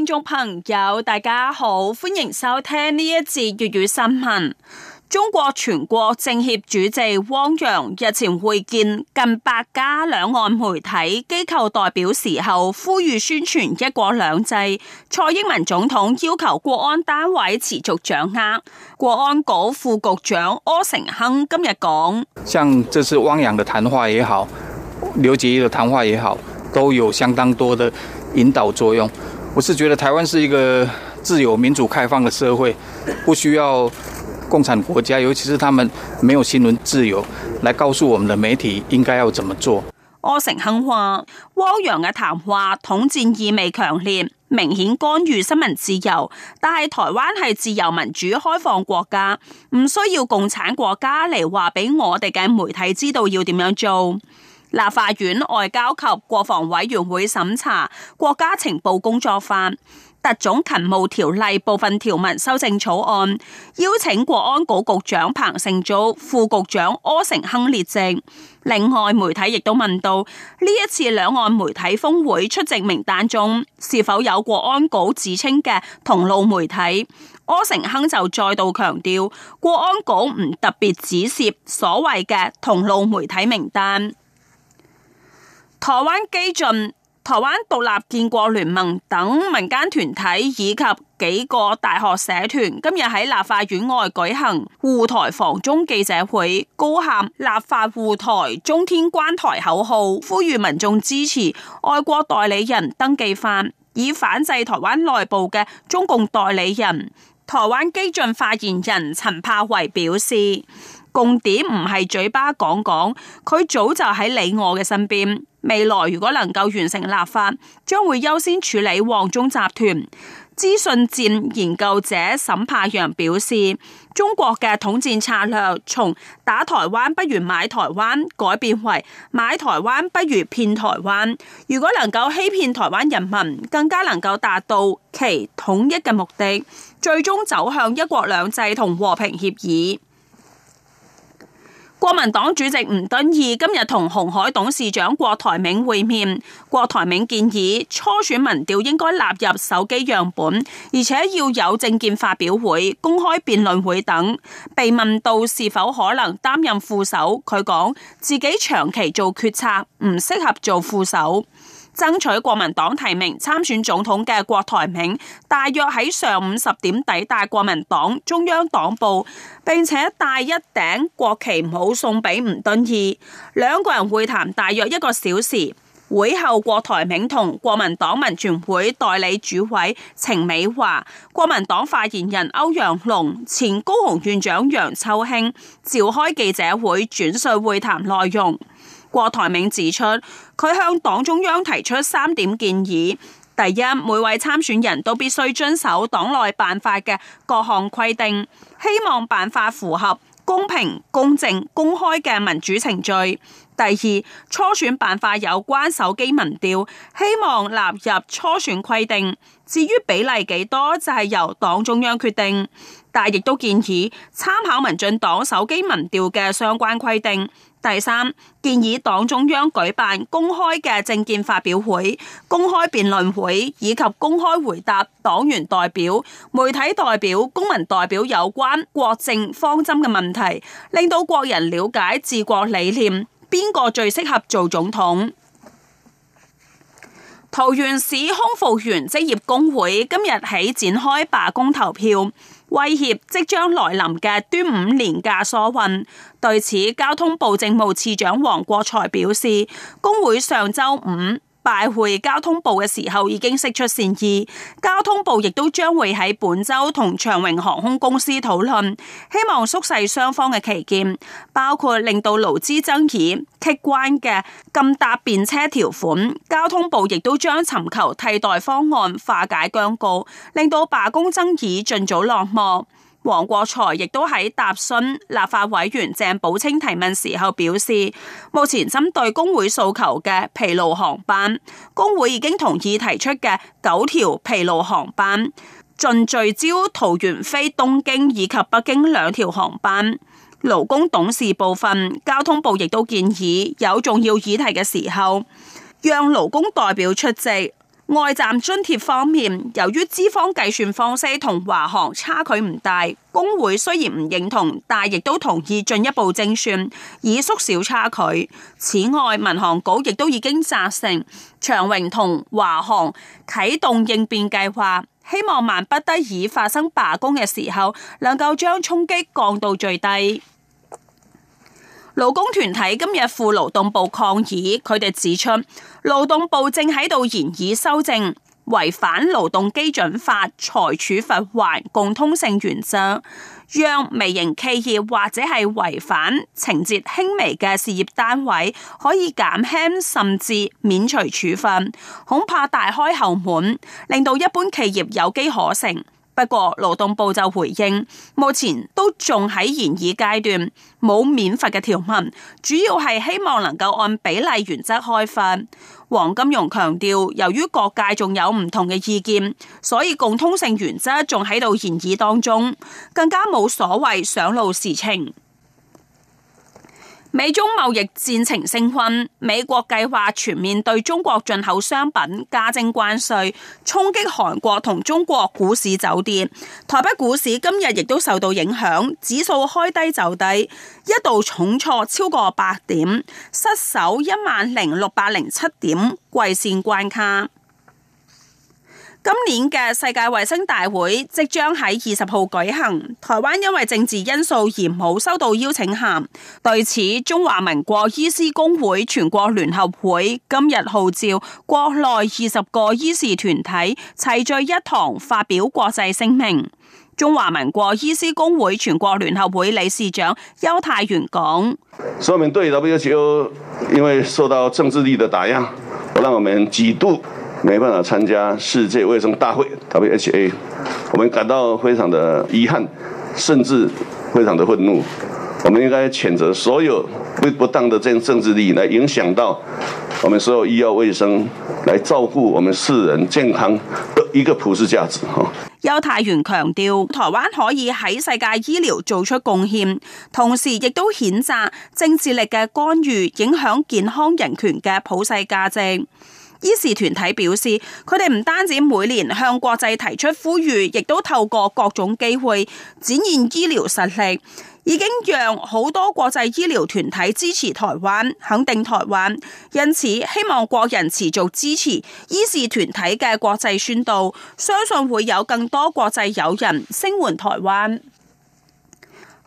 聽眾朋友，大家好，歡迎收聽呢一節粵語新聞。中國全國政協主席汪洋日前會見近百家兩岸媒體機構代表時候，呼籲宣傳一國兩制。蔡英文總統要求國安單位持續掌握。國安局副局長柯成亨今日講，像這次汪洋嘅談話也好，劉結一嘅談話也好，都有相當多的引導作用。我是覺得台灣是一個自由民主開放嘅社會，不需要共產國家，尤其是他們沒有新聞自由，來告訴我們的媒體應該要怎麼做。柯承亨話，汪洋嘅談話統戰意味強烈，明顯干預新聞自由。但係台灣係自由民主開放國家，唔需要共產國家嚟話俾我哋嘅媒體知道要點樣做。立法院外交及國防委員會審查《國家情報工作法》《特種勤務條例》部分條文修正草案，邀請國安局局長彭勝竹、副局長柯承亨列席。另外，媒體亦都問到呢一次兩岸媒體峰會出席名單中是否有國安局自稱嘅同路媒體。柯承亨就再度強調，國安局唔特別指涉所謂嘅同路媒體名單。台灣基進、台灣獨立建國聯盟等民間團體以及幾個大學社團今日喺立法院外舉行護台防中記者會，高喊立法護台、中天關台口號，呼籲民眾支持外國代理人登記法，以反制台灣內部嘅中共代理人。台灣基進發言人陳柏維表示，共點唔係嘴巴講講，佢早就喺你我嘅身邊。未來如果能夠完成立法，將會優先處理旺中集團。資訊戰研究者沈柏陽表示，中國嘅統戰策略從打台灣不如買台灣，改變為買台灣不如騙台灣。如果能夠欺騙台灣人民，更加能夠達到其統一嘅目的，最終走向一國兩制同和平協議。國民黨主席吳敦義今日同紅海董事長郭台銘會面，郭台銘建議初選民調應該納入手機樣本，而且要有政見發表會、公開辯論會等。被問到是否可能擔任副手，佢講自己長期做決策，唔適合做副手。爭取國民黨提名參選總統嘅郭台銘，大約喺上午十點抵達國民黨中央黨部，並且帶一頂國旗帽送俾吳敦義。兩個人會談大約一個小時，會後郭台銘同國民黨文傳會代理主委程美華、國民黨發言人歐陽龍、前高雄院長楊秋興召開記者會，轉述會談內容。郭台銘指出，佢向黨中央提出三點建議：第一，每位參選人都必須遵守黨內辦法嘅各項規定，希望辦法符合公平、公正、公開嘅民主程序。第二，初選辦法有關手機民調，希望納入初選規定。至於比例幾多，就係由黨中央決定。但亦都建議參考民進黨手機民調嘅相關規定。第三，建議黨中央舉辦公開嘅政見發表會、公開辯論會以及公開回答黨員代表、媒體代表、公民代表有關國政方針嘅問題，令到國人了解治國理念。邊個最適合做總統？桃園市空服員職業工會今日起展開罷工投票，威脅即將來臨嘅端午連假疏運。對此，交通部政務次長王國材表示，工會上周五，拜會交通部嘅時候已經釋出善意，交通部亦都將會喺本周同長榮航空公司討論，希望縮細雙方嘅歧見，包括令到勞資爭議棘關嘅禁搭便車條款，交通部亦都將尋求替代方案化解僵局，令到罷工爭議盡早落幕。黃國財亦都喺答詢立法委員鄭寶清提問時候表示，目前針對工會訴求嘅疲勞航班，工會已經同意提出嘅九條疲勞航班，盡聚焦桃園飛東京以及北京兩條航班。勞工董事部分，交通部亦都建議有重要議題嘅時候，讓勞工代表出席。外站津貼方面，由於資方計算方式同華航差距唔大，工會雖然唔認同，但亦都同意進一步精算以縮小差距。此外，民航局亦都已經責成長榮同華航啟動應變計劃，希望萬不得已發生罷工嘅時候，能夠將衝擊降到最低。勞工團體今日赴勞動部抗議，佢哋指出，勞動部正喺度研議修正違反勞動基準法裁處罰鍰共通性原則，讓微型企業或者係違反情節輕微嘅事業單位可以減輕甚至免除處分，恐怕大開後門，令到一般企業有機可乘。不過勞動部就回應，目前都仲喺研議階段，冇免罰嘅條文，主要係希望能夠按比例原則開罰。黃金榮強調，由於各界仲有唔同嘅意見，所以共通性原則仲喺度研議當中，更加冇所謂上路事情。美中貿易戰情升温，美國計劃全面對中國進口商品加徵關稅，衝擊韓國同中國股市走跌。台北股市今日亦都受到影響，指數開低就低，一度重挫超過八點，失守一萬零六百零七點季線關卡。今年嘅世界衛生大會即將喺二十號舉行，台灣因為政治因素而冇收到邀請函。對此，中華民國醫師公會全國聯合會今日號召國內二十個醫師團體齊聚一堂發表國際聲明。中華民國醫師公會全國聯合會理事長邱泰源講：所以對 W H O，因為受到政治力的打壓，我們沒辦法參加世界衛生大會 （WHA），我們感到非常的遺憾，甚至非常的憤怒。我們應該譴責所有不不當的政治利益，來影響到我們所有醫藥衛生，來照顧我們世人健康的一個普世價值。哈。邱泰源強調，台灣可以喺世界醫療做出貢獻，同時亦都譴責政治力嘅干預影響健康人權嘅普世價值。醫事團體表示，佢哋唔單止每年向國際提出呼籲，亦都透過各種機會展現醫療實力，已經讓好多國際醫療團體支持台灣、肯定台灣。因此，希望國人持續支持醫事團體嘅國際宣導，相信會有更多國際友人聲援台灣。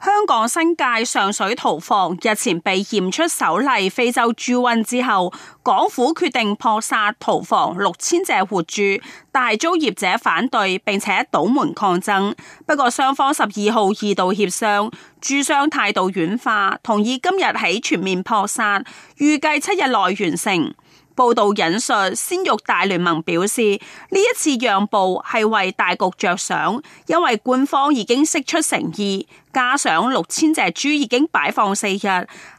香港新界上水屠房日前被驗出首例非洲豬瘟之後，港府決定撲殺屠房六千隻活豬，但係遭業者反對，並且堵門抗爭。不過雙方十二號二度協商，豬商態度軟化，同意今日起全面撲殺，預計七日內完成。報道引述鮮肉大聯盟表示，呢一次讓步係為大局着想，因為官方已經釋出誠意，加上六千隻豬已經擺放四日，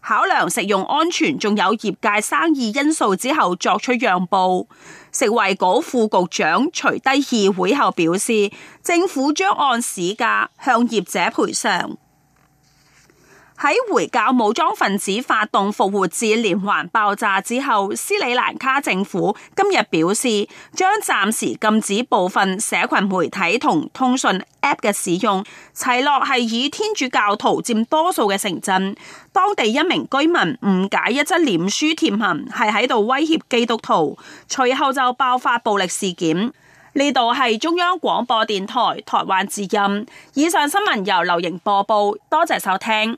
考量食用安全，仲有業界生意因素之後作出讓步。食衞局副局長徐低議會後表示，政府將按市價向業者賠償。喺回教武裝分子發動復活節連環爆炸之後，斯里蘭卡政府今日表示將暫時禁止部分社群媒體同通訊 App 嘅使用。齊樂係以天主教徒佔多數嘅城鎮，當地一名居民誤解一則臉書貼文係喺度威脅基督徒，隨後就爆發暴力事件。呢度係中央廣播電台台灣之音。以上新聞由劉瑩播報，多謝收聽。